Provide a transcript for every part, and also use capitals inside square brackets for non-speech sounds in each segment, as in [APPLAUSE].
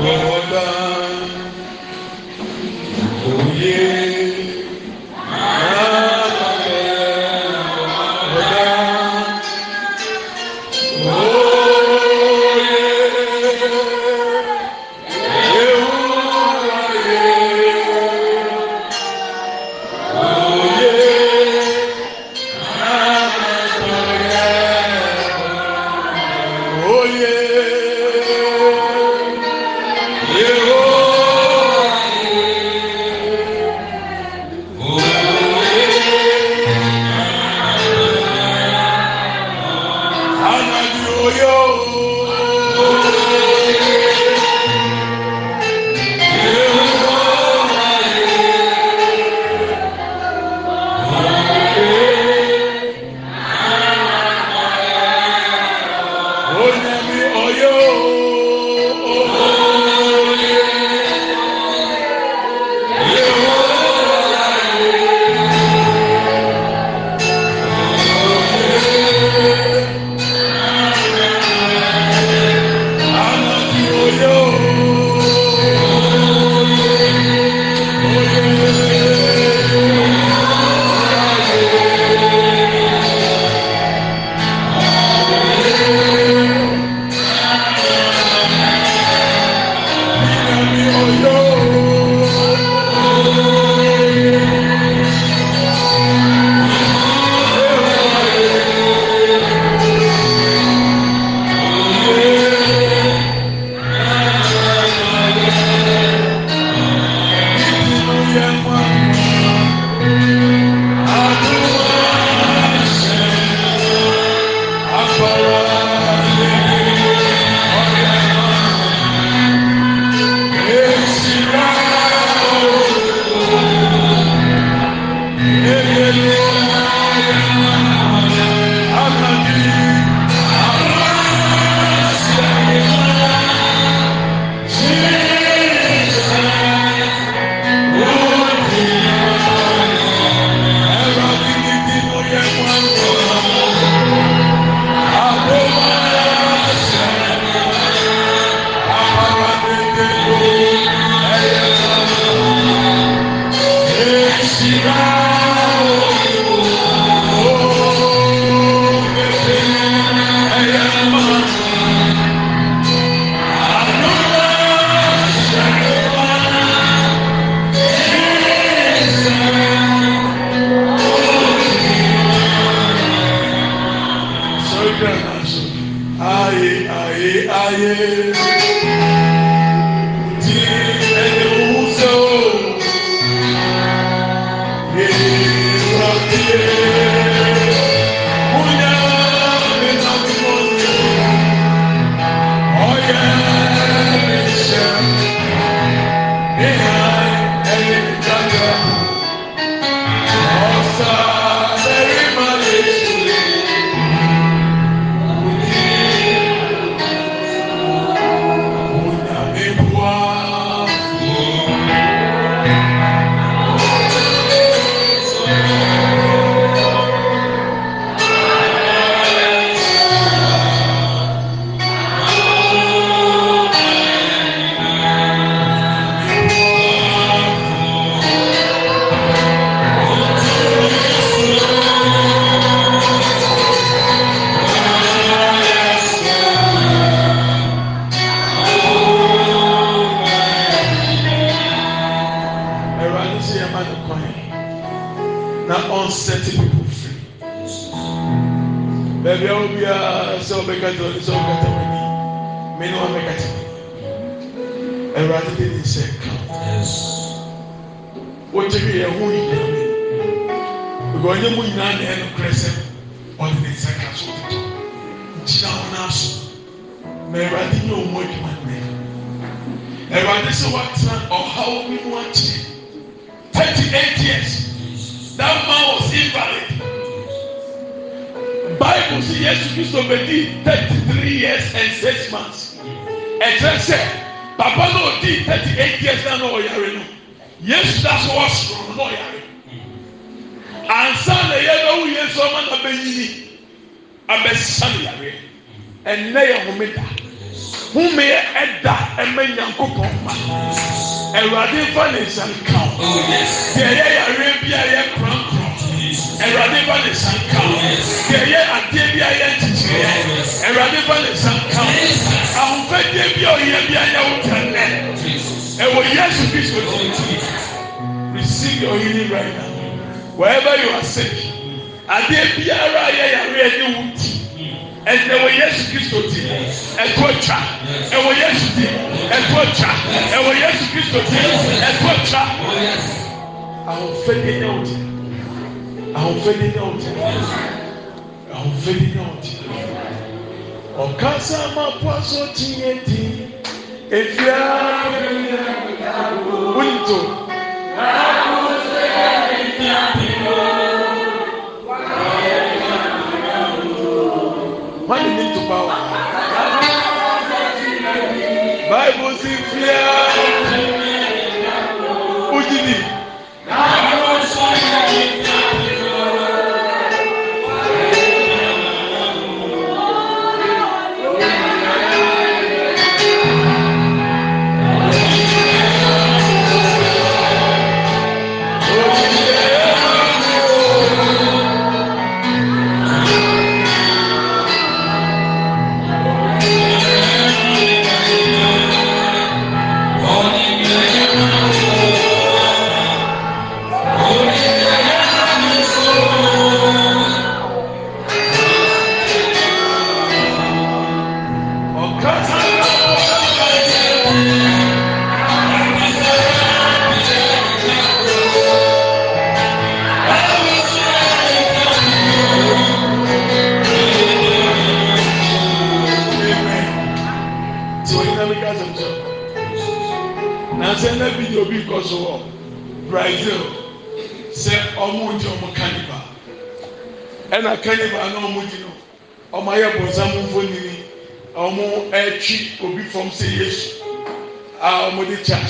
نل ayé am. hwan na ɛnokorɛ sɛ ɔde ne nsa ka so ɔtotɔ gyina wo no aso ma awurade nyɛ ɔmu adwuma nnɛ awurade sɛ woatena ɔhaw bi mu Thirty-eight years that man was invalid bible sɛ yesu kristo thirty-three years and six months ɛkyerɛ sɛ papa no thirty-eight years na na ɔyare no yesu da so wɔsoro no na ɔyare ansa na yɛ bɛwu yɛ nso ɔma na bɛyini abɛsa ne yare ɛnɛ yɛ homeda home ɛda ɛmɛ nyankopɔn ma ɛwurade fa ne nsa nka o oh, deɛ yɛ yare bi a yɛ korankoran ɛwurade fa ne nsa nka o oh, deɛ yɛ adeɛ bi a yɛ nkyekyere ɛwurade oh, fa ne nsa nka o ahofadie bi a ɔyɛ bi a yɛ wo tɛnɛ ɛwɔ yesu kristo ti receive your healing right now wherever you are sick adeɛ biara a yɛ yare ɛne wo ti ɛnna wɔ yesu kristo ti ɛkɔ twa ɛwɔ yesu ti ɛkɔ twa ɛwɔ yesu kristo ti ɛkɔ twa ahofɛ de nyɛ wo ti ahofɛ de nyɛ wo ti ahofɛ de nyɛ wo ti ɔkasa ma po aso tiye ti efia wuli to. people.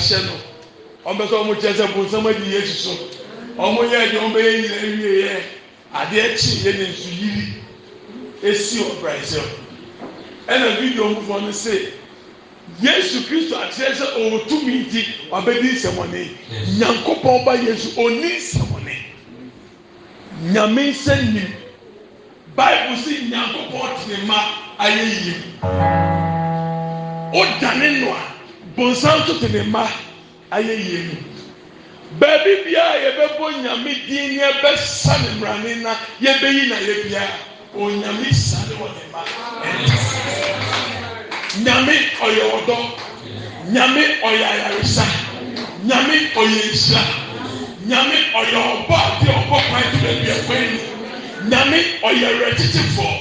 ahyɛ no ɔmo bɛ sɛ ɔmo kyerɛ sɛ bonsam adi yɛ susu ɔmo yɛ ɛdi ɔmo bɛyɛ nyina ewie yɛ adeɛ kyi yɛ ne nsu yiri esi ɔbɛn sɛ ɛna video nkufoɔ no sɛ yesu kristo akyerɛ sɛ ɔwɔ tumi nti ɔbɛdi nsɛmɔne nyankopɔn ba yesu ɔni nsɛmɔne nyame nsa nim baibu si nyankopɔn tene ma ayɛ yie ɔdane noa bonsam tete ne mma ayɛ yie no baabi biara yɛbɛbɔ nyame din ne ɛbɛsa ne mmerane na yɛbɛyi na yɛ biara onyame nyami ne wɔ ne mma nyame ɔyɛ nyami nyame ɔyɛ ayaresa nyame ɔyɛ nhyira nyame ɔyɛ ɔbɔ adi ɔbɔ kwan ti baabi ɛkwan mu nyame ɔyɛ ɛwɛrɛ titifoɔ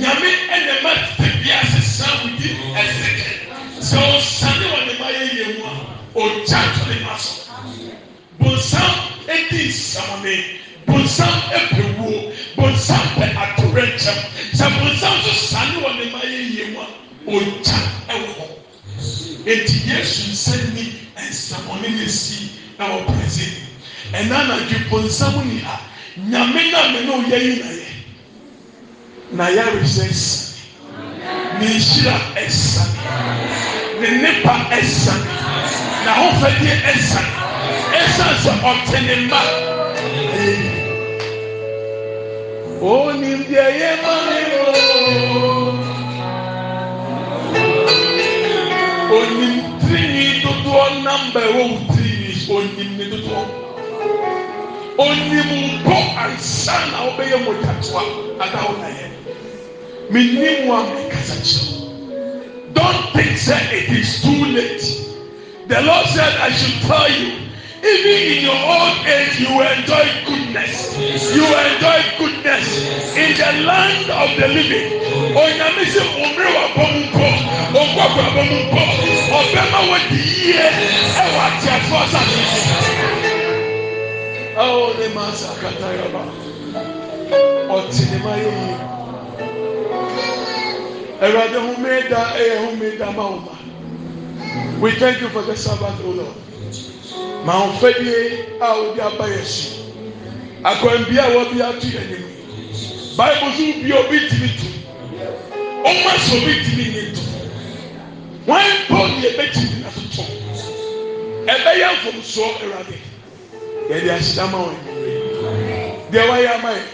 nyame ɛna ɛma tete bi asesa wudi ɛseke. sɛ ɔsane wɔ ne ma yɛ ye mu a ɔgya to ne ma so bonsam di nsamɔne bonsam pɛwoo bonsam ɛakorɛkyɛm sɛ bonsam nso sane wɔ ne ma yɛ ye mu a ogya wɔ hɔ ɛti yɛ asunsɛmni nsamɔne ne si na wɔprɛzeni ɛna nadwe bonsam ni a nyame no a me ne ɔya yinayɛ na yɛ aresɛsɛ nenhyira ɛsa ne nnepa ɛsan na wofadiɛ asa ɛsan sɛ ɔte ne mba wonim deɛ yɛ maneo onim tiriwi dodoɔ namba wɔwo tiriwi onim ne dodoɔ onim mpo ansan na wobɛyɛ mɔtatoa ada wona yɛn me ni mu a kyerɛ don think say it is too late the lord said i should tell you even in your old age you will enjoy goodness you will enjoy goodness in the land of the living onyame sɛ omere wa bɔ mu nkɔ onkɔkɔ abɔ mu nkɔ ɔbɛ ma wɔ di yie ɛwɔ ati afɔ asase ɛwɔ ne ma asakata yaba ɔtí ne ma yɛ yie. Ẹ̀rọ̀dẹ̀ hun mi da ẹ̀yẹ hun mi da máa ma. We thank you for the Sabbath, O Lord. Màá ń fẹ́ di a ò di abáyẹ sí. Àkànbí àwọn bí a tu yẹn ni mu. Báyìí sún bí obi tìmí tu. Ó má sọ obi tìmí yẹn tu. Wọ́n ń bọ̀ ní ẹbẹ̀ tìmí náà tuntun. Ẹbẹ̀ yẹ nfọwọ́sọ ẹ̀rọ̀dẹ̀. Yẹ́n di aṣídàmà wọn. Deɛ wayɛ ama yɛ,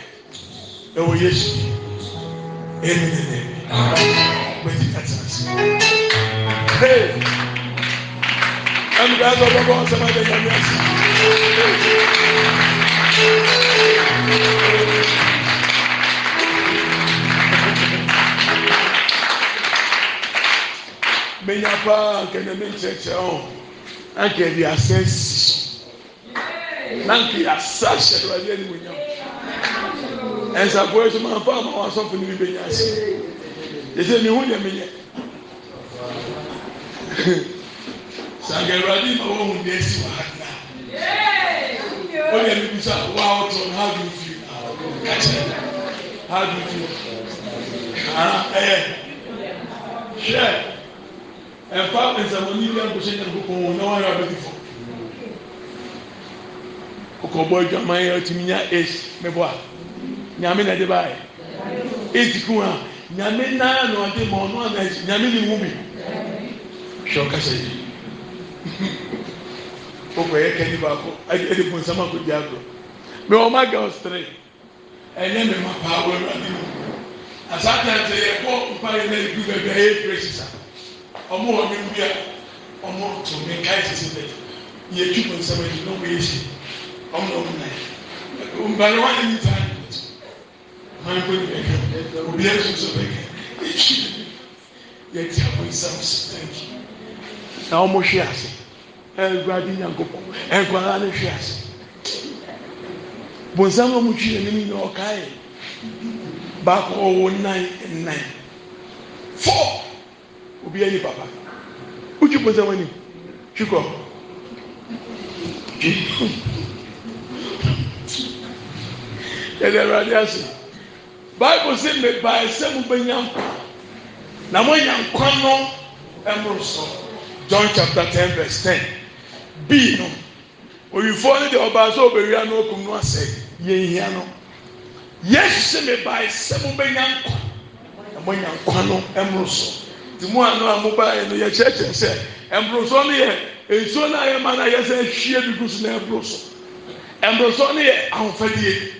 ɛwɔ Yesu. eaa ene eee aeass aeasasenea ɛnsafoɛ somamfa [LAUGHS] ma woasɔfo nomibɛnya ase ɛ sɛ miho nɛmenyɛ sankɛ wuradema wohunɛ asi wada onamebisoawaɔtn haɛyɛ hwɛ ma nsamnibianphyɛ nyan popo n wyrabɛdifo wokɔbɔ dwamaɛ timinya a mɛbɔa nyame na ɛde baa yɛ etiku a nyame nan na ɔde ma ɔno ana ɛkyi nyame ni wumi hwɛ ɔkasa yi [LAUGHS] ɔkɔ yɛ kɛnyi baako ɛde bu nsɛm akɔ di agorɔ mɛ wɔn ma girls three ɛnyɛ mɛ ma paa wɔ ɛwura bi mu asaate ate yɛ kɔ mpa yɛ na edu bɛbi a yɛ pere sisa ɔmo wɔ ne wia ɔmo to ne kae sisi bɛ yɛ tu bu nsɛm akyi na ɔmo yɛ si ɔmo na ɔmo na yɛ mpa yɛ wɔn ani taa. awomohwe ase adenyankop gala ne hwe ase bosam mutinane mnyin ɔkae bakɔɔwo na na o obianipapa otwi bosam anim tikyɛdeadease bible sɛ mmebae sɛ mobɛnya nkwa na moanya nkwa no ɛmoro e so john chapter ten verse ten bii no oyifoɔ no deɛ ɔbaa sɛ ɔbɛwia no okum no asɛ yɛnhia no yesu sɛ mmebae sɛ mobɛnya nkwa na moanya nkwa no ɛmoro e so nti mu ano a mobaeɛ no yɛkyerɛkyerɛ sɛ ɛmborosɔ no yɛ nsuo no a yɛma no a yɛsɛ ahwie bi gu so na ɛboro so ɛmborosɔ no yɛ ahofadie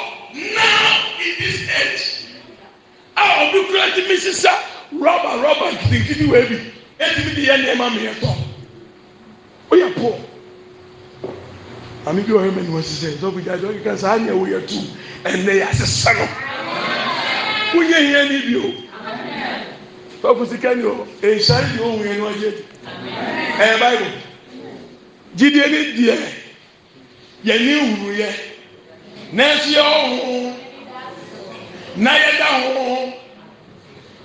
now in this age a ọdún kura ti mi sisa rọba rọba kìnnìkìnnì wẹ̀ bi ẹtì mi di yẹ nìyẹn ma mi yẹ tọ ó yẹ pọ àmì bí ọ̀rẹ́ mi ni wọ́n sisẹ́ ìjọba ìjà ìjọba kíkà sáà ni ẹ̀wọ̀ yẹ tu ẹ̀nẹ́ yà sẹ́sẹ́ nù wọ́n yẹ yẹn níbi o fọ́ọ̀kù sí kẹ́ni o èsàn yìí òun yẹn ni wọ́n jẹ́ ẹ̀ báyìí jíde ní diẹ yẹ ní ìwúrú yẹ nansi yɛ ɔho na yɛ da ho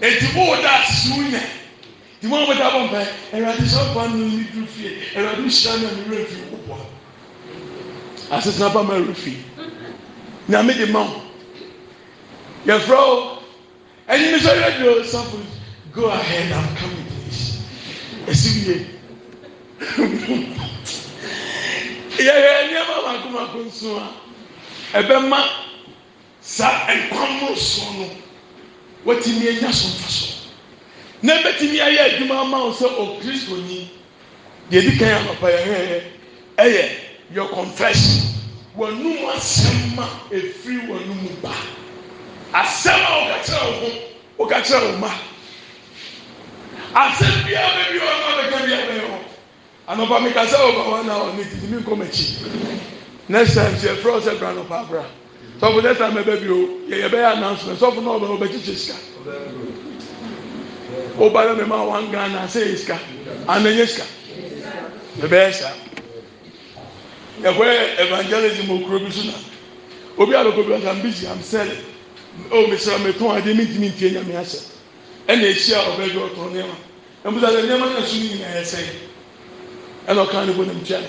eti bo da siw nya ti mo a bɛta bɔ mpɛ ɛwɛde sɛ ɔba mi ni du fie ɛwɛde nhyira mi a mi wura fie kɔ bɔ asesena ba ma ɛwura fie nyame de ma o yɛfrɛ o ɛnyin sɛ yɛ de o sapo go ahead i'm coming please esi wie yɛyɛ nneɛma mako mako nso a ɛbɛma sa nkwammoro so no watumi anya so mfa so na ɛbɛtumi ayɛ adwuma ama wo sɛ okristoni deɛ di kan anɔpa yɛ ɛyɛ your confession wɔnum asɛm a efiri wɔnum ba asɛm a wɔka kyerɛ wo ho wɔka kyerɛ wo ma asɛm biara bɛbi wɔn a bɛka biara bɛyɛ hɔ anɔpa mi ka sɛ ɔba wɔn a ɔne titi mi nkɔm akyi next time sɛ frɔ sɛ bra no paapra sɔfo next time ɛbɛ bi o yɛyɛ bɛyɛ announcement sɔfo náà ɔbɛ ɔbɛ kyekye sika ɔba yɛ mɛma wan ghana sɛ yɛ sika ananyɛ sika ɛbɛyɛ sika yɛkɔyɛ evangelism okuro bi so na obi aloko bi ɔsɛ i'm busy i'm selling o mesra metɔn adi mi ntumi ntie nyame asɛ ɛna ehyia ɔbɛ bi ɔtɔn nneɛma ɛmusa sɛ nneɛma na so ne nyinaa yɛ sɛn ɛna ɔka ne bo na ntua ne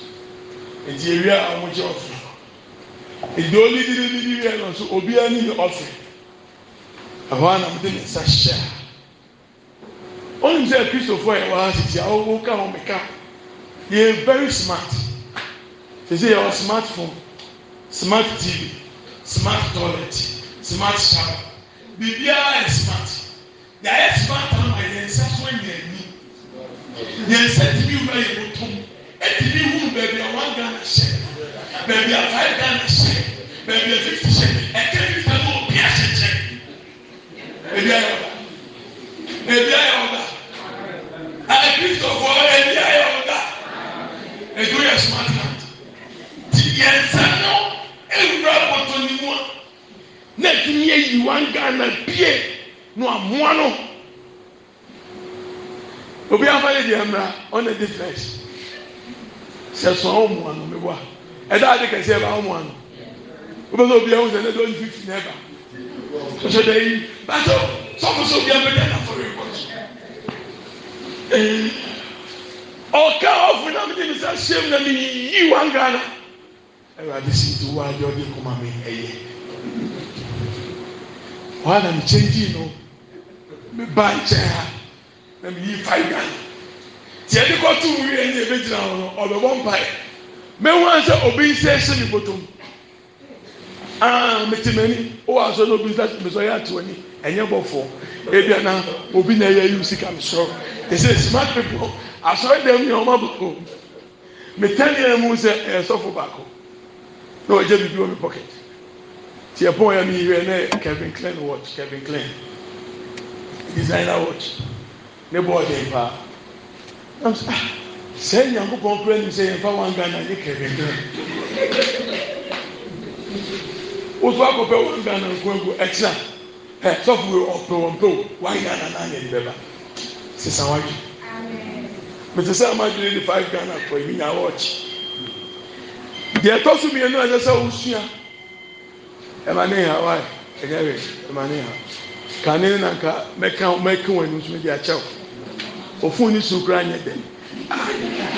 eti ewia a wɔn kyɛ ɔfiri edi oli didi didi wia no nso obi ani ɔfiri ɛhɔ a nam de ne nsa hyɛ a onim sɛ e, kristofoɔ yɛ wɔn asisi a wɔn ka wɔn ka yɛ very smart sisi yɛ wɔ smart phone smart tv smart toilet smart shower biribiara yɛ smart deɛ ayɛ smart ama yɛn nsa so nyɛ ni yɛn nsa ti bi wura yɛn mo tom ɛdi bi hu baabi a one ghana hyɛ baabi a five ghana hyɛ baabi a fifty hyɛ ɛkɛ fifty no obi ahyɛ kyɛ ebi ayɛ ɔba ebi ayɛ ɔba ayɛ kristofo ebi ayɛ ɔba edu yɛ smart man ti yɛn nsa no ewura bɔtɔ ne mu a na ɛtumi ayi one ghana bie no amoa no obi afa yɛ deɛ mra ɔna di fresh sɛ sɔn awo mu ano mi wa ɛda adi kɛse ɛba awo mu ano wọ́n sọ obi ɛwọ́n sɛ ɛdɛ ɔyìn fifty n'ɛba ɔsɛ dɛ yi bàtɔ sɔfo sɔ obi ɛmɛ dɛ n'afɔri ɛkɔtɔ ee ɔka ɔfun na mi de mi sɛ ɛhyɛ mu na mi yi wa ngana ɛwɔ adi si ti wa adi ɔdi kuma mi ɛyɛ wɔn anam kyɛn di no mi ba nkyɛn ha na mi yi five nine deɛ ɛde kɔto mu wie ne ɛbɛgyina hɔ no ɔbɛbɔ mpaeɛ mɛwura sɛ obi nsa ɛhyɛ ne bɔtɔ mu aa mete m'ani wowɔ asɔ na obi nsa mesɔ yɛ ato ani ɛnyɛ bɔfoɔ ebi ana obi na ɛyɛ yiw sika mesɔ te sɛ smart people asɔre dɛm yɛ ɔma bɔtɔ metani ɛmu sɛ ɛsɔfo baako na ɔgye bibi wɔ mi pocket tiɛ pɔn ya mi yɛ ne Kevin Klein watch Kevin Klein designer watch ne bɔɔl dɛm pa. Ah, sɛ nyankoɔn anɛyɛfae wooaɔɛfɔɛɛaete sɛae 5hnaadeɛɔ so mianɛsɛsɛ woamahwannaaɛ waneyɛwo ofun ni su kura nyɛ dɛ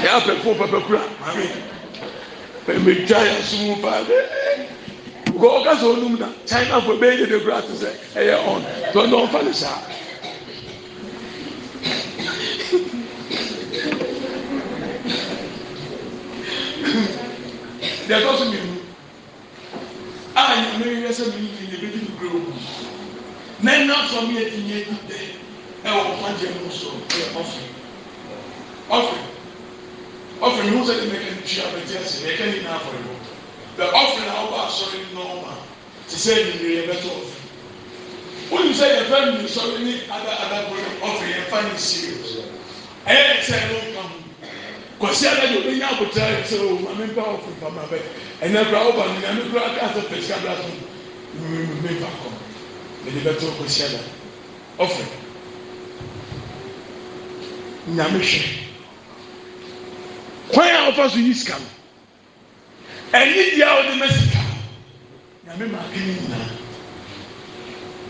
yà pɛ fún pɛpɛ kura mɛmɛ gya yà sumu paa dɛ nkɔ ɔka sɛ ɔnum na china fo bɛyɛ dede kura ti sɛ ɛyɛ ɔn tɔn na ɔnfa ne saa deɛ ɛtɔ so mmienu a nyɛ mɛ yɛ sɛ mi yi ni ebi di mi kura owu na ɛna mi yɛ ti nyɛ ti dɛ. ẹwọ wọn jẹ mu so ẹ ọfìn ọfìn ọfìn ní wọn sẹ ẹni mẹkẹ ní tí a bẹ tí a sẹ ẹkẹ ní náà fọlẹ bọ bẹ ọfìn náà ọba asọrin nọọma ti sẹ ẹnìyẹ yẹ bẹ tó ọfìn wọn yìí sẹ yẹ fẹ mi sọrin ní ada adagbọn ọfìn yẹ fà ní serious ẹ yẹ sẹ ẹ ló ń kàn kɔsi alade obi nya abotire ayi sɛ o maame mpa wɔ fun pama bɛ ɛnɛ kura ɔba mi maame kura aka sɛ pɛsi abira so mi mi mi mi ba kɔ ɛdi bɛ to kɔsi ala ɔfɛ nyame hwɛ kwan a wɔfa so yi sika no ɛni deɛ a wɔde ma sika nyame maa kɛ ne nyinaa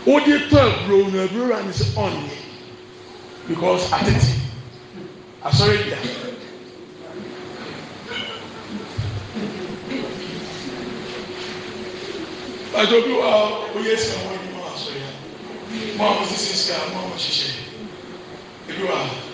wɔde tɔ aburo na aburo ra ne sɛ ɔnyɛ because atete asɔre bia. Àjọ bí wàá oyè sika wọn ni wọn asọ̀rọ̀ yá, wọn àwọn sisi sika wọn àwọn ṣiṣẹ́, ebi wàá.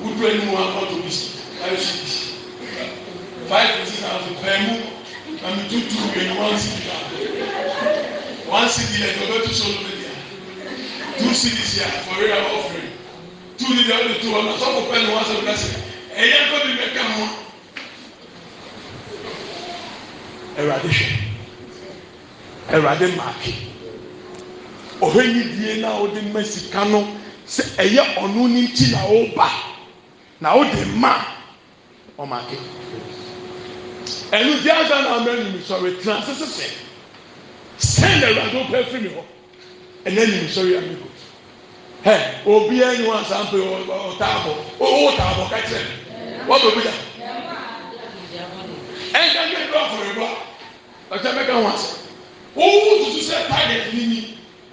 wudu anim wa kɔtɔ bi si ayi si bi five fifty thousand pɛɛ mu maame tutu yɛ ni one city. la one city, yɛ dɔbɛ tu so lomi dia two cities yɛ for real offering two leader ɔdi tu wɔn asɔfo pɛɛ ni wɔn asɔfo kasi ɛyɛ nkɔ bi bɛ ka ho ɛwurade hwɛ ɛwurade maaki ɔhɛ ni die na ɔde mɛ sika no sɛ ɛyɛ ɔno ne ti na ɔba na O, de ma ɔmo ake ɛnu di asa na ɔmo anim sɔre tena sesese sɛn na ɛwurade wopɛ firi mi hɔ ɛna anim sɔre amigo hɛ obi ɛni wɔn asan pe ɔtaabɔ ɔwɔ taabɔ kɛkyɛ wɔbɛ bi da ɛnka mi ɛdɔ afɔrebɔ ɔkyɛ mɛka wɔn asɛ wɔwɔ tutu sɛ taagɛt ni ni.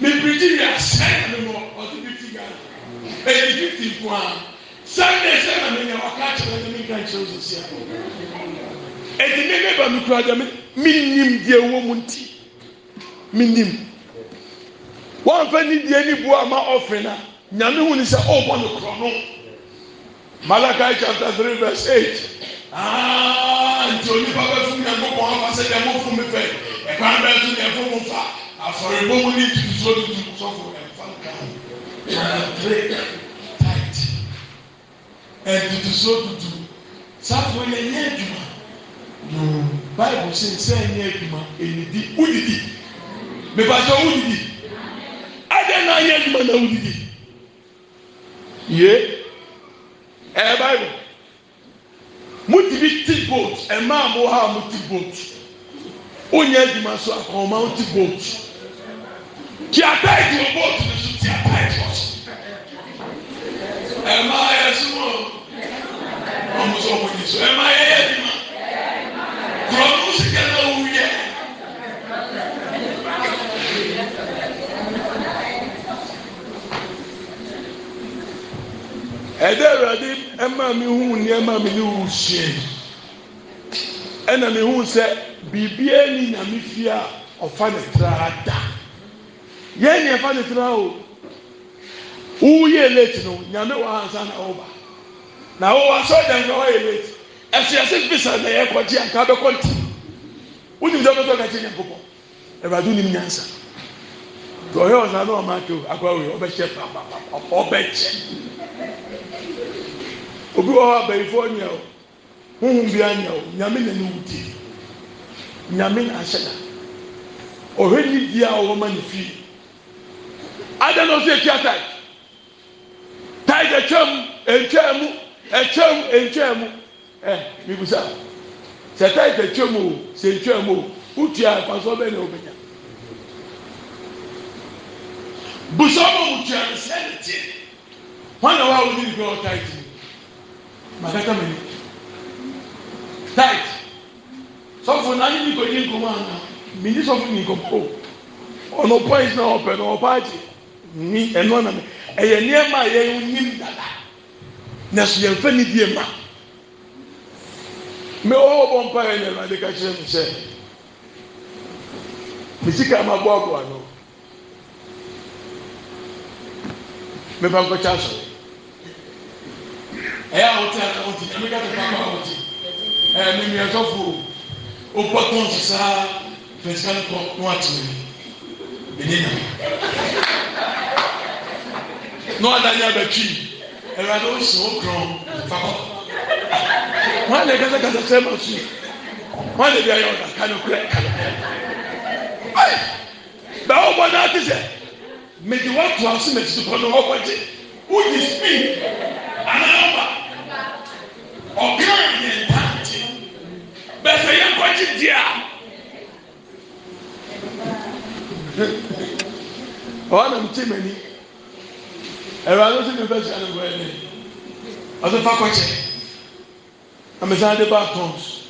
mepirikyi yɛ ahyɛ na mɛ ɔte fifty ghana ɛyɛ fifty nko a sunday sɛ na mɛ nya waka akyerɛ na mɛ nka nkyerɛ sisi a ɛdi mɛ mɛ ba mi kura dɛ mi nim deɛ wɔ mu nti mi nim wɔn fɛ ni deɛ ni bu ama ɔfin na nyame hu ni sɛ ɔbɔ ne korɔ no malakai chapter three verse eight aa nti onipa bɛ fun yankun pɔn afa sɛ yankun fun mi fɛ ɛkwan bɛ fun yankun fun fa afɔrebɔmu ne ntutuo tutu sɔfo ɛfa nka kɔnɔtire tait ɛntutuo tutu safo yɛ nyɛ adwuma yoo baibu sɛ sɛ nyɛ adwuma ɛnidi wudidi mibajɔ wudidi ɛdɛ na nyɛ adwuma na wudidi yie ɛyɛ baibu mutibi ti boat ɛmaa mu ha mutibi boat wonyɛ adwuma so akɔnma ti boat. ɛdɛ awurade ma mehuu nneɛ ma mene wo sian ɛna mehuu sɛ biribia nina mefi a ɔfa no traa da yɛn nea ɛfa ahụ tena o woyɛ late no nyame wɔ ansa na ɔba na wɔwɔ asɔ dan kora wɔyɛ late ɛso yɛsɛ na ya kɔgye anka bɛkɔ nti wonim sɛ wobɛtɔ ka kye nyankopɔn awurade wonim nyansa na ɔma obi o huhun bi o nyame na ne wuti nyame na ni a ɔwɔ ma ne ada na ɔsɛ etua tae tae de twam ntwam mu ɛtwam ntwam mu ɛ mibusa sɛ tae de twam o sɛ ntwam mu o utua akwaso bɛ na ɔbɛnya busa ɔmo utua no sɛ ne tie wɔn na wa wɔn nyiri bi ɔtae ti makata mɛ ni tae sɔfo na anyi ni ko yi nkɔmɔ ana mi ni sɔfo ni nkɔmɔ o ɔnɔ pɔint na ɔpɛ na ɔpa agye ni ɛnu ɔnam ɛyɛ nneɛma a yɛn nim dada na so yɛn fɛ ni die ma mɛ ɔwɔ bɔ mpa yɛn na ɛwurade ka kyerɛ mi sɛ ka ma bɔ aboa no mɛ ba nkɔkye asɔre ɛyɛ ahote ata ahote ɛmɛ ka tɛfɛ ama ahote ɛyɛ mɛ mi ɛtɔfo ɔbɔ tɔn sisaa fɛsɛn kɔ n'o atene mɛ ne na ɔda ne abatwi ɛwɛde osi wo korɔn fakɔ wọn lè kasa kasa sɛ ma su wọn lè bi ayɛ ɔda kanu kurɛ kanu ɛɛ bɛn o bɔ n'ati sɛ mɛdi wa tu aso mɛ tutu kɔnɔ wɔ kɔnti o di spi anaba ɔkan [LAUGHS] yɛ ntaati bɛsɛ yɛ kɔnti diya ɔwɔ nam ti mɛ ni ɛwurade nso nipa sika no bɔyɛ dɛ ɔsɛ fa kɔkyɛ amesan de ba tons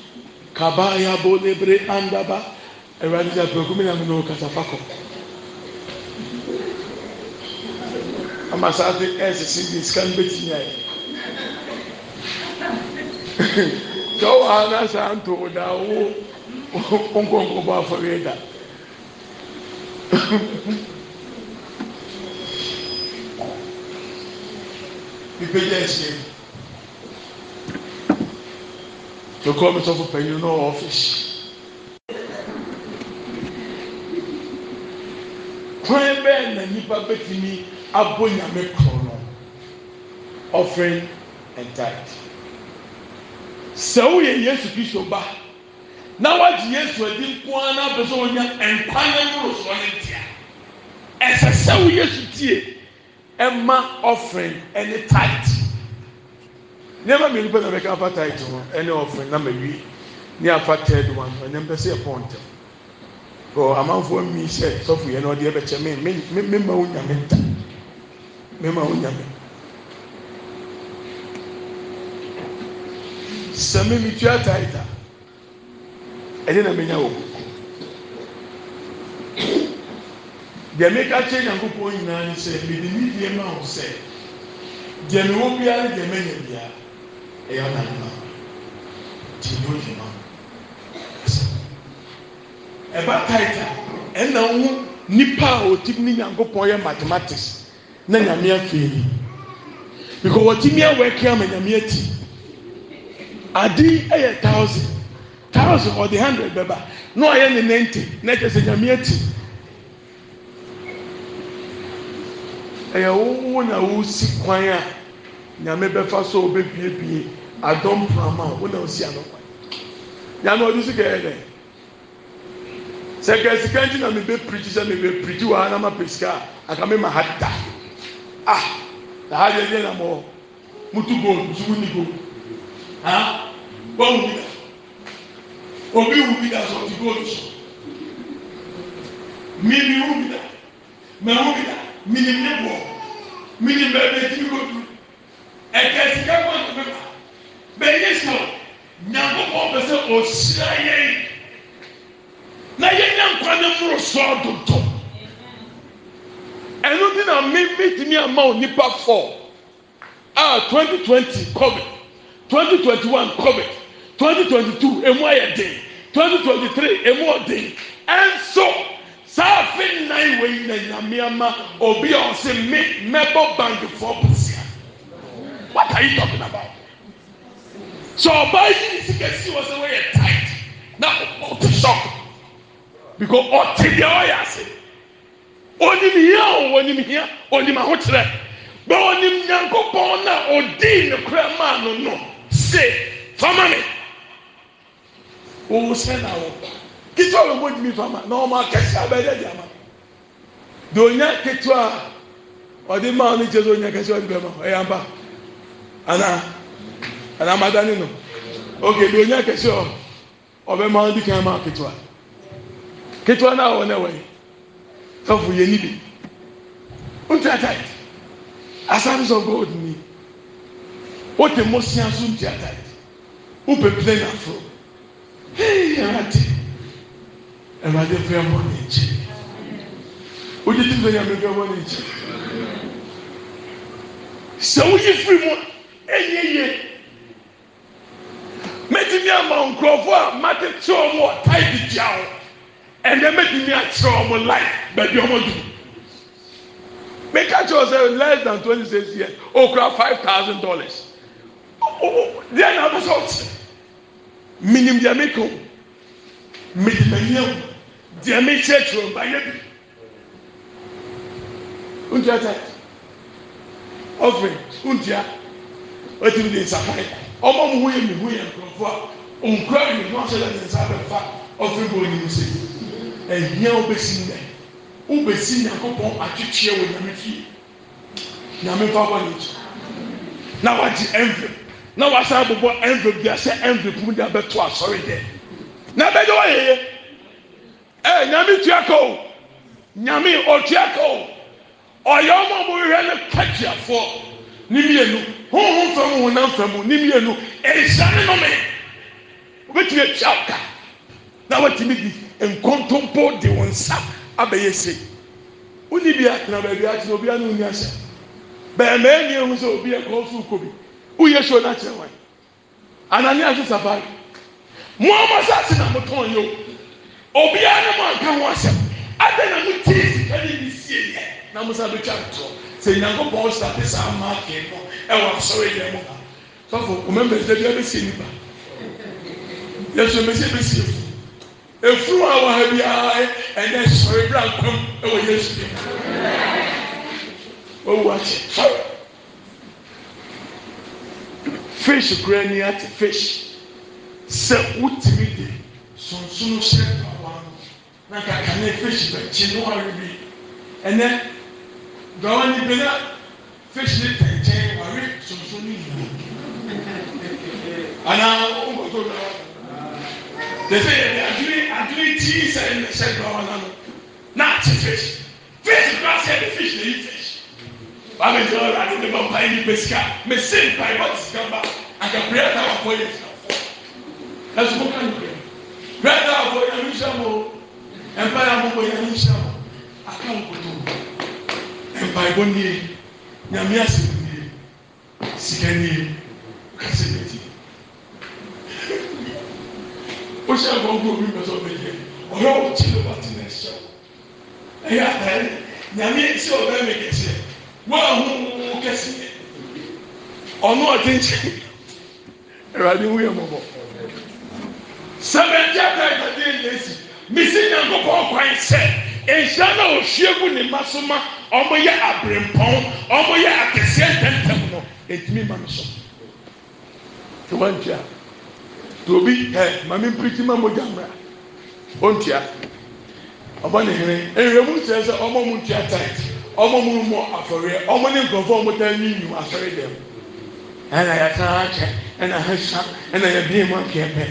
kaba yabo lebre andaba ɛwurade sɛ apɛku mi na mi na ɔkasa fa kɔ ama saa de ɛsisi de sika no bɛti nya yɛ sɛ ɔwɔ ha na saa pípé jẹ́ ẹ̀ṣẹ̀ tó kọ́ mi sọ́fún pẹ̀lú náà ọ́fíìsì. kwan bẹ́ẹ̀ na nípa bẹ́tìmí abó nyàmé kọ̀ no offering and tithe. sɛ woyɛ yesu kristo ba na wagye yesu adi nko ara na abɛsɛ wɔnya nkwa ne mmoro soɔ ne ntia ɛsɛ sɛ wo yesu tie ɛma offering ɛne tight nneɛma mmienu pɛ na bɛka afa tight ho ɛne offering na ma wi ne afa third one ɛne mpɛ sɛ ɛpɔn ntɛm ɔ amanfoɔ mi sɛ sɔfo yɛn na ɔde ɛbɛkyɛ mi mi mi ma wo nyame ta mi ma wo nyame sɛ mi mi tua tight a ɛne na mi nya wɔ deɛmeka kyerɛ nyankopɔn nyinaa ne sɛ mede nni deɛ ma aho sɛ deɛ me wɔ biara deɛ manya biaa yɛ nadema tidmaoɛ ɛba tita ɛna woho nnipa a ɔtim ne nyankopɔn yɛ mathematic ne nyamea fei ni because wɔtumi awɔ ɛkra ama nyameɛ ti ade yɛ ous0 tusa0 ɔde 100ed bɛba na ɔyɛ ne nɛnte na ɛkyɛr sɛ nyamea ti ywona wosi kwaya yame befa sɛ obe biebie adopaama wonaosi ado kway yameodusi keene sekesikegina mibe prigi sɛ mibe prigi waanama pasca akamemahata ahaddinamo motogol musuku nigo ba wubita obi wubita sotigo mi wobita mi wubita minim ne boɔ minim baabi eti mi ko du ɛkɛ sika kɔn to mi ma bɛyɛ sɔ nyanko pɔn pɛ sɛ ɔhyira yɛ yi na yɛ nya nkwa ne muro sɔɔ dodo ɛnu bi na mi mi ti mi ama o nipa fɔ a twenty twenty kɔmi twenty twenty one kɔmi twenty twenty two emu ayɛ den twenty twenty three emu ɔden ɛnso saa afe nnan wei na ama obi a ɔsi mi mɛbɔ bankifo busia what are you talking about so ɔbaa yi si kɛse wɔ sɛ wɔyɛ tight na ɔte shock because ɔte deɛ ɔyɛ ase onim hia o onim hia onim ahokyerɛ bɛ onim nyankopɔn na odi ne kura maa no no se fama mi owó sɛ na ɔba ketewa wɔ mo gyimi fama na wɔn akɛse abɛyɛ de ama deɛ onya ketewa ɔde maa ne kyɛ sɛ onya kɛse ɔde bɛ ma ɛyɛ amba ana ana amadani no ok deɛ onya kɛse ɔ ɔbɛ maa di kan maa ketewa ketewa naa wɔ ne wɔ yi sɔfo yɛ ni bi ntua tight asaris of gold ni wote mo sia so ntua o wopɛ plane afro hee yɛn ati awurade fɛ bɔ ne nkyɛn wogye ti fɛ nyame fɛ bɔ ne nkyɛn sɛ woyi firi mu ɛnyɛ yie mɛtumi ama nkurɔfoɔ a mate kyerɛ wɔn wɔ tae di tia wɔn ɛnɛ mɛtumi akyerɛ wɔn lai baabi wɔn du mɛka kyerɛ sɛ less than twenty six years okura five thousand dollars deɛ na abɛsɛ ɔkyerɛ minim deɛ mɛka o mede m'ani awu deɛ mekyerɛkyerɛ ba yɛ bi ntua ta ɔfin ntua ɔtumi de nsa fae ɔmo ɔmo ho yɛ mi ho yɛ nkurɔfoɔ a nkura mi ho ahyɛ dɛ ne nsa abɛfa ɔfin bɔ ɔnim se ɛhia ɔbɛsi nnɛ ɔbɛsi nyakopɔn atwitwiɛ wɔ nyame fie nyame fa bɔ ne nkyɛn na wagye envelope na wasan abobɔ envelope bi a sɛ envelope mu de abɛto asɔre dɛ. E, na ɛbɛyɛ wɔ yeye ɛɛ nyame tua ka o nyame ɔtua ka o ɔyɛ ɔmo a wɔrehwɛ no kɛgyeafoɔ ne mmienu honhom fam honam fam ne mmienu ɛnhyɛne no me wobɛtumi atua ka na watumi di nkontompo de wɔn nsa abɛyɛ se woni bi atena baabi atena obi anu ni ahyɛ bɛɛmɛɛ ni ehu sɛ obi ɛkɔ so kɔ bi woyɛ show wɔn anani ahyɛ safari mo ama sase na mo tɔn yi o obiara ne mo anka ho asɛm ada na mo tie sika ne ne sie yɛ na mo san betwa ntorɔ sɛ nyanko bɔn sa de sa ama kee no ɛwɔ asɔre yɛ mo ha fafo omembe de bi a bɛ sie nipa yɛsɔ mbɛ sie bɛ sie efuru a wɔ ha biara ɛnɛ sɔre bra nkɔm ɛwɔ yɛsu yɛ owu akyɛ fish kura ni ate fish. sɛ wotimi de sonsono sɛ dawano nekakane fish bɛkyenowarebi ɛne dawa nibena fish ne tenkyɛ ware sonso noyio ana ese dle te sɛsɛ dawanno nate fish fis kasɛde fish neyi fish bameba nibesika mesenpa batskaba akapraye nanso mo ka nyɛ brɛda afɔ yɛn nhyɛ mo mpae abobɔ yɛn nhyɛ mo aka nkoto mpae bɔ nie nyame ase nie sika nie kase bɛti o hyɛ nkɔnkɔn omi pɛ sɛ ɔbɛyɛ ɔyɛ ɔkyi ne wate na ɛhyɛ o ɛyɛ ataare nyame sɛ ɔbɛn mi kɛseɛ wɔn a ho kɛseɛ ɔno ɔde nkyɛn ɛwɛ adi ho yɛ mɔbɔ sɛbɛndi ataade yɛ esi misi nyankopɔn kwan sɛ nhyia na ohwie gu ne mma so ma ɔmo yɛ abirempɔn ɔmo yɛ akɛseɛ ntɛmtɛm no etumi ma no so tiwa ntua tobi ɛ maame mpirikyi ma mo gyamra ontua ɔbɔ ne hene ehwɛmu kyerɛ sɛ ɔmo mu ntua tait ɔmo mu mu afɔreɛ ɔmo ne nkorɔfoɔ ɔmo ta nyi nyu asɔre dɛm ɛna yɛ san akyɛ ɛna yɛ ɛna yɛ bie mu akɛɛpɛ.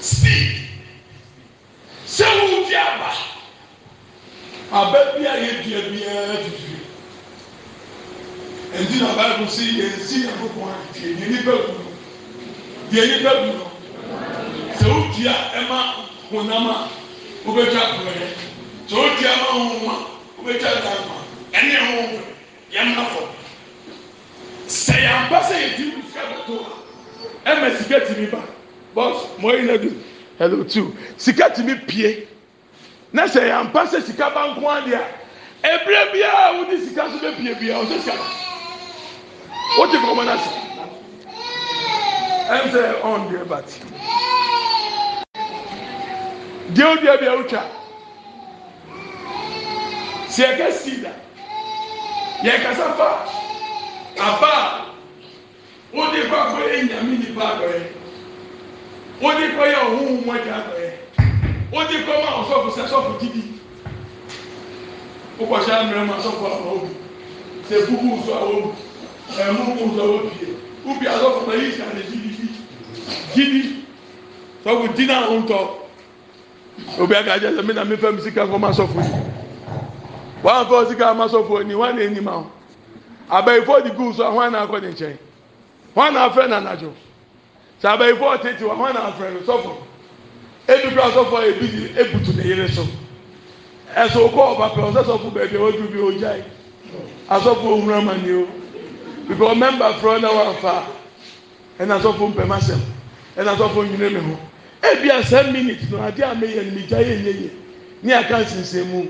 speed sɛ wodi aba aba bi a yɛdua biara fifiri ɛnti na ba bible sɛ yɛnsi nyankopɔn adwue deɛ nipa gu no deɛ nipa gu no sɛ wodua ɛma honam a wobɛtwa korɔyɛ sɛ wodua ma honhoma wobɛtwa dankwa ɛne ɛho yɛmna fɔ sɛ yɛampa sɛ yɛdi wofia bɔtɔ a ɛma sika mi ba bus mɔyino d helo 2 sika tumi pie na sɛ yɛampa sɛ sika banko adeɛ a ɛbrɛ biaa wode sika so bɛpiebia osɛsa wote kɔmanosi ɛmsɛndeɛ bat deɛ woduabia wotwa siyɛkɛ sida yɛ kasa faa abaa wode kakor nyamenibaa wọ́n ti kọ́ yẹ ọ̀hún wọn di àgbẹ̀ yẹ wọ́n ti kọ́ máa ọ̀sọ́fù sẹ́ sọ́fù dídì wọ́n ṣe àmìrẹ́ máa sọ́fù àwọn òbí ṣe búkú sọ àwọn òbí ẹ̀mú kú sọ àwọn òbí yẹ ubi asọ́fù náà yìí sàn dídì dídì sọ́fù dínà òun tọ́ òbí àgàjẹ sẹ́mi náà mi fẹ́ mi síkà kọ́ máa sọ́fù yìí wọ́n á kọ́ síkà máa sọ́fù ẹni wọ́n á lè ní ma abẹ́yẹ̀fọ́ di gúúsù àwọn àna akọ́ ní nkyẹn wọ́n á na afẹ́ nà nàjọ́ sɛ abayifo ɔtete wɔn wɔn na afrɛ no sɔfo edukura sɔfo ebi di ebutu ne yere so ɛso kɔ ɔba pɛ ɔsɛ sɔfo baabi a wɔdu bi ɔgya yi asɔfo ohun ama ni o bibi ɔmɛmba frɔ na wafa ɛna sɔfo mpɛm asɛm ɛna sɔfo nyina mi ho ebi asɛm miniti no adeɛ a meyɛ mi gya yɛ yɛ yɛ ní aka nsensɛn mu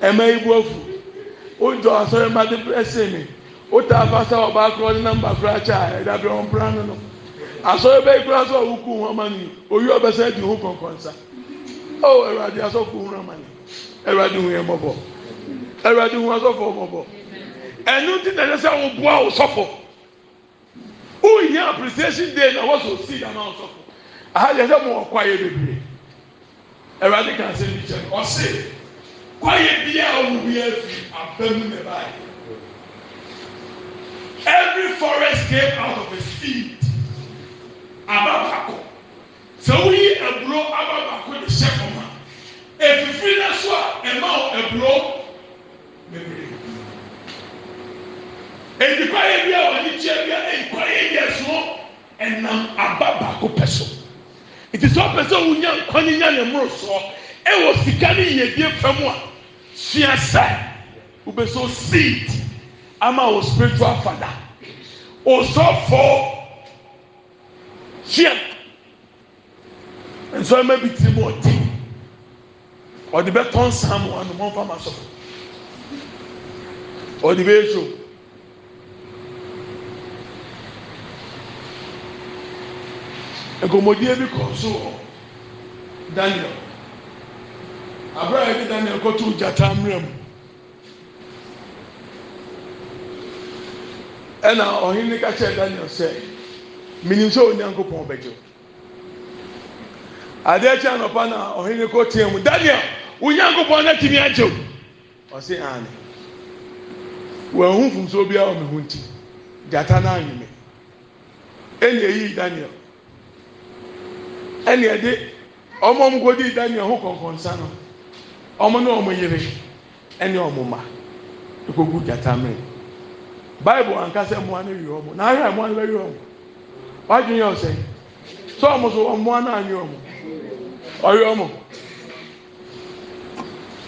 ɛmɛ ibu afu ojɔ asɔrɔ ɛmɛ adi ɛsɛ mi o ta afa asɔre bɛyi kura sɛ ɔwɔ kun wɔn ama ni oyi ɔbɛsɛ di ho kɔnkɔnsa ɔwɔ ɛwurade asɔ kun wɔn ama ni ɛwurade hu yɛ mɔbɔ ɛwurade hu asɔfo mɔbɔ ɛnu ti na ɛsɛ awo bua awo sɔfo wonya appreciation day na wɔsɔ si dama awo sɔfo aha yɛ sɛ mo wɔ kwaye bebree ɛwurade kan sɛ bi kyɛn ɔsi kwaye bia ɔmu bia fi abamu na ɛbaa every forest came out of a sea aba baako sɛ woyi aburo aba baako de hyɛ fam a efifiri na so a ɛma wo aburo bebree edikwaye bi a wɔde kyɛ bi a edikwaye yɛ so ɛnam aba baako pɛ so eti sɛ ɔpɛ sɛ wonya nkwanyi nya ne muro soɔ ɛwɔ sika ne yɛdie fam a sua sɛ wobɛ so seed ama wo spiritual father osɔfo hyia nsọmba bi ti mu ọtí ọdi bẹ tọn sam ọnu mọ nfa ma sọ ọdi bẹ eso nkɔmɔdie bi kɔ so wɔ daniel abiraya bi daniel kɔtu gyata mmerɛ mu ɛna ɔhene kakyɛ daniel sɛ. menim sɛ onyankopɔn bɛgye adeɛ akyi anɔpa na ɔhene kɔteɛ mu daniel onyankopɔn no atumi agye wo ɔse ane ho nti gyata daniel ɛde ɔmo ɔmo daniel ho no ɔmo ne ɔmo yere ɛne ɔmo ma gyata bible ankasa ɔmo ɔmo. wadwene yɛ ɔsɛ sɛ ɔmo so ɔmoa no anwe ɔmo ɔyɛ ɔmo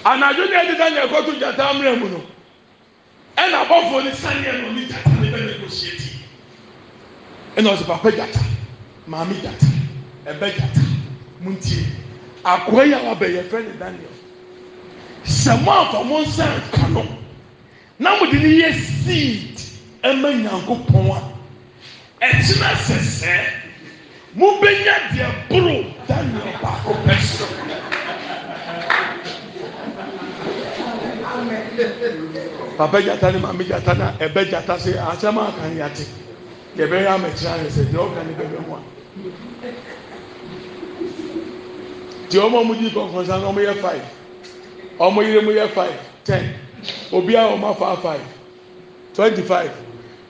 anadwo ne ɛdeda nyɛ kɔto gyata mmerɛ mu no ɛna abɔfoɔ ne saneɛ no ɔne gyata ne bɛne kɔhyia ti ɛna ɔsɛ papa gyata maame gyata ɛbɛ gyata muntie akɔɛ yi a wabɛyɛ fɛ ne daniel sɛ mo afa mo nsa nka no na mo de ne yɛ seed ɛma nyankopɔn a ɛkyina sɛsɛ mobɛnya deɛ boro daniel baako pɛ so papa gyata ne maame gyata na ɛbɛ gyata sɛ asɛm aka ne yate deɛ ɛbɛyɛ amɛkyerɛ ayɛ sɛ deɛ ɔka ne bɛbɛ mu a deɛ ɔmo a ɔmo di kɔnkɔnsa na ɔmo yɛ five ɔmo yere mo yɛ five ten obi a ɔmo afa five twenty five.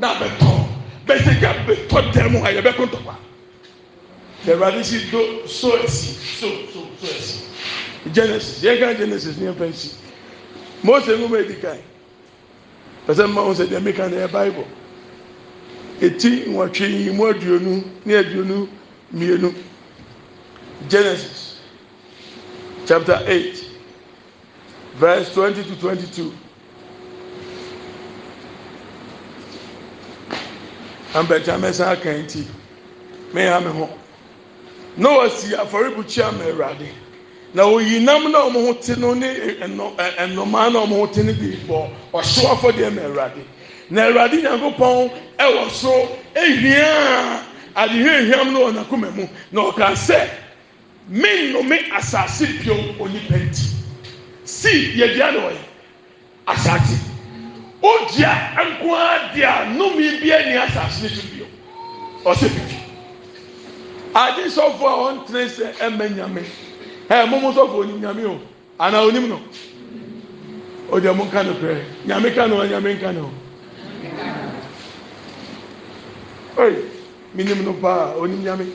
na abɛtɔ bɛsɛgya bɛtɔ dan mu ha yɛbɛko ntɔkwa ɛwurade si do so esi so so so esi genesis yɛn kan genesis ni yɛn fɛn si mose nwoma edi kan pɛsɛ mma wɔn sɛ deɛ mi kan na yɛ bible eti nwɔtwe yi mu aduonu ne aduonu mmienu genesis chapter eight verse twenty to twenty-two. ambɛtia mɛsa aka nti mɛya me ho na wɔsi afɔrebukyia ma awurade na oyi nam na wɔn ho te no ne nnomaa e, na wɔn ho te no bi bɔ ɔso afɔdeɛ ma awurade na awurade nyankopɔn ɛwɔ e so ehia adehia ehiam no wɔ n'akoma mu na ɔka sɛ mennome asase bio onipa nti si yɛdua na ɔyɛ asase dia nko ara di a nnome bi ani asase so bio ɔsɛ bibi adi sɔfo a ɔntene sɛ ɛmɛ nyame ɛɛ mo sɔfo oni nyame o ana onim no o deɛ mo nka no pɛ nyame ka no nyame nka no oye minim no paa onim nyame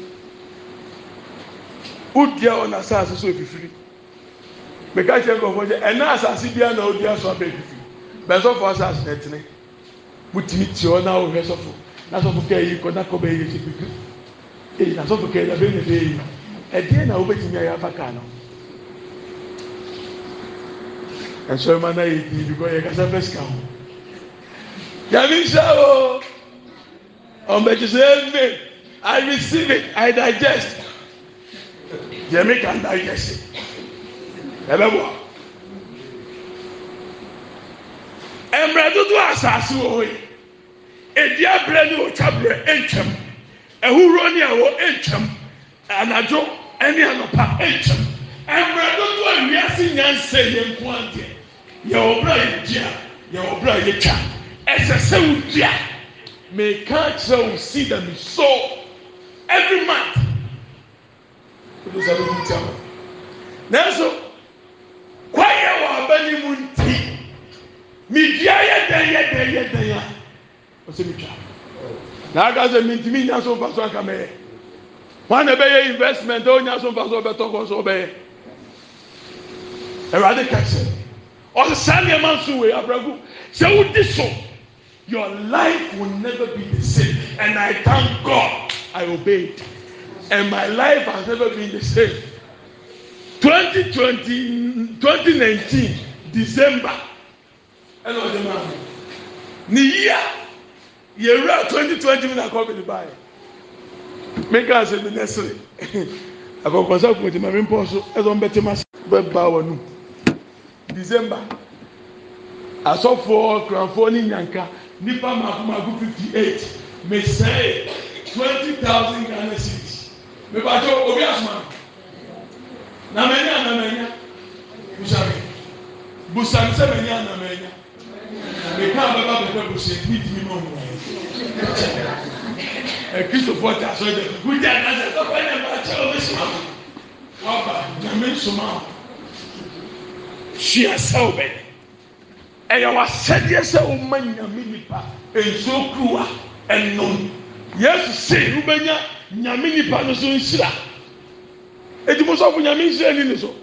wodua wɔ n'asase so efifiri mɛka kyerɛ nkɔfo sɛ ɛna asase bia na odua so abɛ efifiri bẹ̀sọ̀fọ̀ asa asẹ̀tìní mutumi tí ọ náà ọhẹ sọfọ n'asọfọ kẹ ẹyí kọ n'akọ bẹ ẹyẹ ṣẹpẹkẹ ẹyí n'asọfọ kẹ ẹyí abẹ ẹyẹ bẹ ẹyí ẹdín náà ọbẹtìmí ayé afa kàn náà ẹsọ ẹ ma náà yẹ di bíkọ yẹ kásá fẹsí kàn ó yàmi sá o ọmọbẹtìsẹ ẹnfẹ I receive it I digest yẹmi kàn digest ẹ bẹ bọ. mmerɛ dodoɔ asase wɔ hɔ yi edi abirɛ ne otwa berɛ ntwam ehuro ne ɛwɔ ntwam anadwo ne anɔpa ntwam mmerɛ dodoɔ wiase nyansa yɛ nko adeɛ yɛwɔ berɛ yɛ gya yɛwɔ berɛ yɛ twa ɛsɛ sɛ wodua mɛka kyerɛ wo seed and sow every month ebi sɛ ɛbi ti tɛ mo nanso kwaeɛ wɔ abɛnimu nti media yɛ dɛn yɛ dɛn yɛ dɛn a ɔsɛ metwa na aka sɛ mentumi nya so mfa so anka mɛyɛ wọn na bɛyɛ investment a onya so mfa so ɔbɛtɔ kɔ so ɔbɛyɛ ɛwurade kɛse ɔsɛ saa nneɛma nso wei abiragu sɛ wodi so your life will never be the same and i thank god i obeyed and my life has never been the same twenty twenty twenty nineteen december ɛna ɔde ma mi ne yia yɛwura twenty twenty mi na kɔ mi ni ba yɛ mi [LAUGHS] ka se mi nɛsiri akɔkɔsa kun ti ma mi pɔ so ɛsɛ ɔn bɛ te ma se bɛ ba wɔ nu december asɔfoɔ kuranfoɔ ni nyanka nipa mako mako fifty eight mi sɛɛ twenty thousand ghana cedis mi ba jɔ obi asoma na mɛ nya na mɛ nya busami busami sɛ mɛ nya na mɛ nya. kabɛbaikriɛɛɛsma mb nyame soma wo suasɛ wo bɛde ɛyɛwɔasɛdeɛ sɛ woma nyame nipa ɛnsu kurowa ɛnon yesu se wobɛnya nyamenipa no so nhyira ɛdimosɔ fo nyame nhyira ani ne so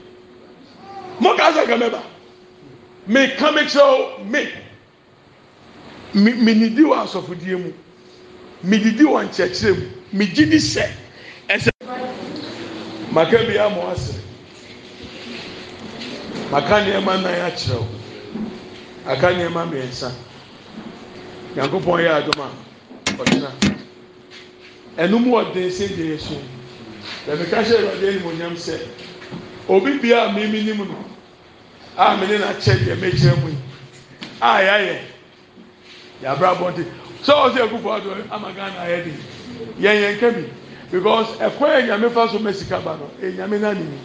mɔkasa ka mɛba meka meksɛ wo me menidi wɔ asɔfodie mu medidi wɔ nkyerɛkyerɛ mu megye di sɛ ɛsɛ maka bi amɔ asere maka nneɛma nan akyerɛw aka nneɛma mmiɛnsa nyankopɔn yɛ adoma ɔtena ɛnum ɔden sɛ de esu lɛmika hyɛ ɛwɛde ɛnum onyam sɛ obi bia mi mi nim no a mene na kyɛ deɛ mekyerɛ mu yi a yɛayɛ yabra bɔnti sɛ ɔsi ɛkufu e ato ama ghana ayɛ di yɛn yɛn kɛmi because ɛkɔ e yɛ e nyame fa so mɛ sika ba no enyame nani mi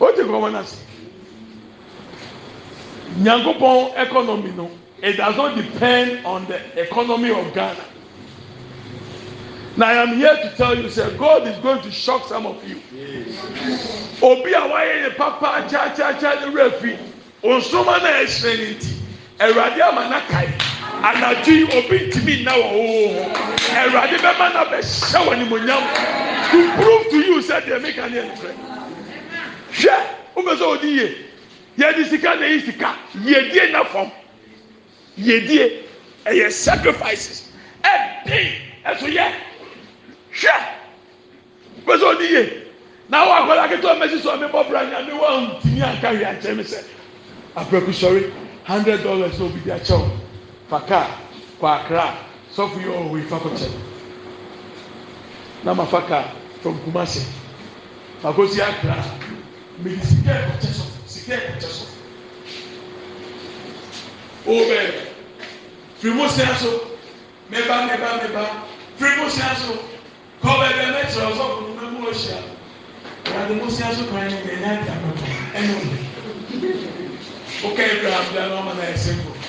o ti kɔkɔ n'asi nyankopɔn economy no it does not depend on the economy of ghana na i am here to tell you say god is going to shock some of you obi a wayɛ ne papa Cha, ne wura fi nsoma na ɛhyerɛn ne ti awurade ama na kae anadwi obi ntumi nna wɔn ho ho awurade bɛma na bɛhyɛ wɔn nimonyam to prove to you sɛ deɛ mi ka ne yɛ nfɛ hwɛ wofɛ sɛ odi yie yɛde sika na eyi sika yɛdie na fam yɛdie ɛyɛ sacrifices ɛdin ɛso yɛ hwɛ wofɛ sɛ odi yie na wɔ akɔla ketewa mɛsi sɔ mi bɔ bra nya mi wɔ ntumi anka hwɛ akyɛ mi sɛ abirakusɔre hundred dollars na obi di akyɛw. faka kɔakra sɔfo yɛwɔhoi fa kotɛo namafaka fɔnkumasɛ akosi akra mɛde sikto sikɛkt so obɛ fri mo sia so ɛbɛɛba fri mosia so kbɛdɛ mɛtsrɛosɔfo no namuahia nade mosia so kannadano ɛn woka biɔhamano amanaɛsɛm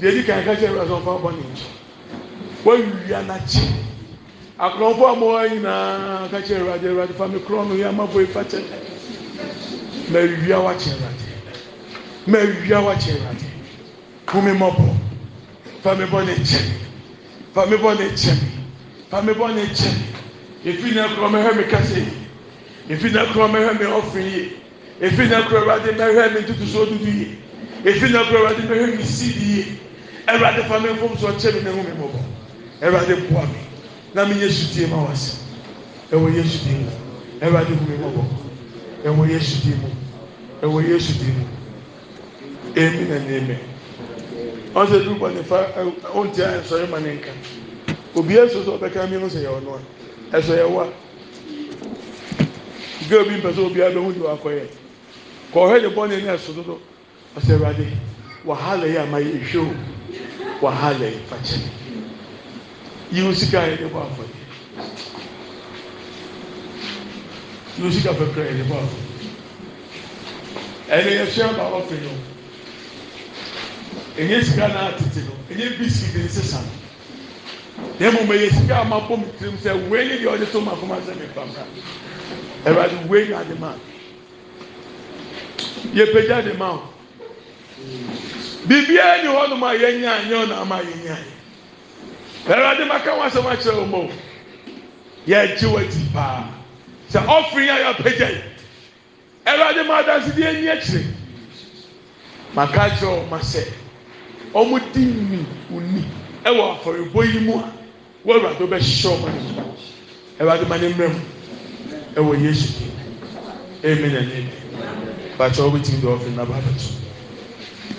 deɛ di kan kakyɛ ɛwura sɛ ɔfa bɔ ne nkyɛn wɔawia n'akyi akorɔmfo a wɔn nyinaa kakyɛ ɛwura de ɛwura de fa mi korɔ no yɛ ama bɔ efa kyɛ mɛ awia wakyɛ ɛwura de mɛ awia wakyɛ ɛwura de kumi mɔ bɔ fa mi bɔ ne nkyɛn fa mi bɔ ne nkyɛn fa mi bɔ ne nkyɛn efi na korɔ mɛ hɛ mi kase efi na korɔ mɛ hɛ mi ɔfin yie efi na korɔ ɛwura de mɛ hɛ mi tutu so dudu yie efi na korɔ ɛwura de mɛ hɛ mi si yie awurade fa mi nfom so ɔkyɛ mi na ehu mi bɔbɔ awurade boa mi na mi yesu die ma wa sɛ ɛwɔ yesu die mu awurade hu mi bɔbɔ ɛwɔ yesu die mu ɛwɔ yesu die mu emi na ne mɛ ɔsɛ du bɔ nifa ɔntia ɛsɔre ma ne nka obi ɛsɔ sɛ ɔbɛka mi ho sɛ yɛ ɔno a ɛsɔ yɛ wa girl bi mpɛ sɛ obi abɛhu di wakɔ yɛ kɔɔhɛ de bɔ ne ne ɛsɔ dodo ɔsɛ awurade wahala yɛ ama yɛ ehwɛ o wahala yi fa kyɛ yiwu sika yɛ de bɔ afɔ yi yiwu sika pɛpɛ yɛ de bɔ afɔ ɛnna yɛ fia ba ɔfɛ yi o enye sika na atete no enye bisiki ne sisan na emu ma sika a ma bɔ mu tirim sɛ wei ni deɛ ɔde to ma kɔma sɛ mi fa ma ɛwɛde wei ni adi ma yɛ pɛgya de ma o biribiara ni hɔnom a yɛnya anyɛ ɔna ama yɛnya awurade maka ho asɛm akyerɛ wo mo yɛgye w'ati paa sɛ ɔfiri a yɛapagya yi awurade ma adansedeɛ ani akyire maka akyerɛ wɔ ma sɛ ɔmo di ni oni ɛwɔ afɔrebɔ yi mu a wɔawurade wobɛhyɛ ɔma no awurade ma ne mmerɛ mu ɛwɔ yesu amen amen bakyɛ wobɛtumi deɛ ɔfiri na baabɛto